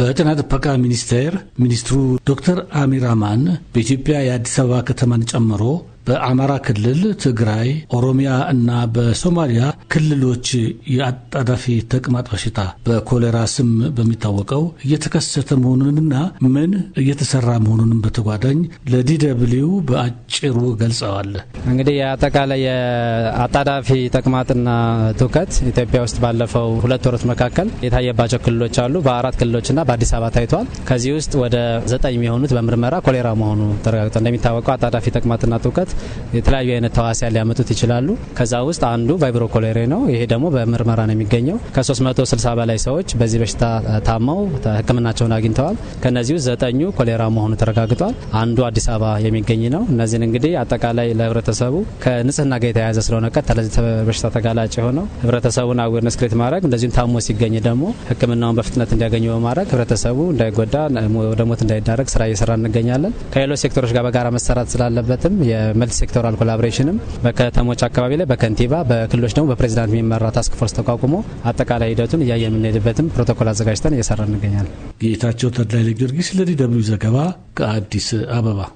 በጤና ጥበቃ ሚኒስቴር ሚኒስትሩ ዶክተር አሚር አማን በኢትዮጵያ የአዲስ አበባ ከተማን ጨምሮ በአማራ ክልል፣ ትግራይ፣ ኦሮሚያ እና በሶማሊያ ክልሎች የአጣዳፊ ተቅማጥ በሽታ በኮሌራ ስም በሚታወቀው እየተከሰተ መሆኑንና ምን እየተሰራ መሆኑንም በተጓዳኝ ለዲደብሊው በአጭሩ ገልጸዋል። እንግዲህ የአጠቃላይ የአጣዳፊ ተቅማጥና ትውከት ኢትዮጵያ ውስጥ ባለፈው ሁለት ወረት መካከል የታየባቸው ክልሎች አሉ። በአራት ክልሎችና በአዲስ አበባ ታይቷል። ከዚህ ውስጥ ወደ ዘጠኝ የሚሆኑት በምርመራ ኮሌራ መሆኑ ተረጋግጧል። እንደሚታወቀው አጣዳፊ ተቅማጥና ትውከት በመስራት የተለያዩ አይነት ተዋሲያን ሊያመጡት ይችላሉ። ከዛ ውስጥ አንዱ ቫይብሮ ኮሌሬ ነው። ይሄ ደግሞ በምርመራ ነው የሚገኘው። ከ360 በላይ ሰዎች በዚህ በሽታ ታመው ሕክምናቸውን አግኝተዋል። ከነዚህ ውስጥ ዘጠኙ ኮሌራ መሆኑ ተረጋግጧል። አንዱ አዲስ አበባ የሚገኝ ነው። እነዚህን እንግዲህ አጠቃላይ ለህብረተሰቡ ከንጽህና ጋር የተያያዘ ስለሆነ ቀጥታ ለዚህ በሽታ ተጋላጭ የሆነው ህብረተሰቡን አዌርነስ ክሬት ማድረግ እንደዚሁም ታሞ ሲገኝ ደግሞ ሕክምናውን በፍጥነት እንዲያገኙ በማድረግ ህብረተሰቡ እንዳይጎዳ ወደ ሞት እንዳይዳረግ ስራ እየሰራ እንገኛለን። ከሌሎች ሴክተሮች ጋር በጋራ መሰራት ስላለበትም መልቲ ሴክቶራል ኮላቦሬሽንም በከተሞች አካባቢ ላይ በከንቲባ በክልሎች ደግሞ በፕሬዚዳንት የሚመራ ታስክ ፎርስ ተቋቁሞ አጠቃላይ ሂደቱን እያየ የምንሄድበትም ፕሮቶኮል አዘጋጅተን እየሰራ እንገኛለን። ጌታቸው ተድላይ ለጊዮርጊስ ለዲ ደብልዩ ዘገባ ከአዲስ አበባ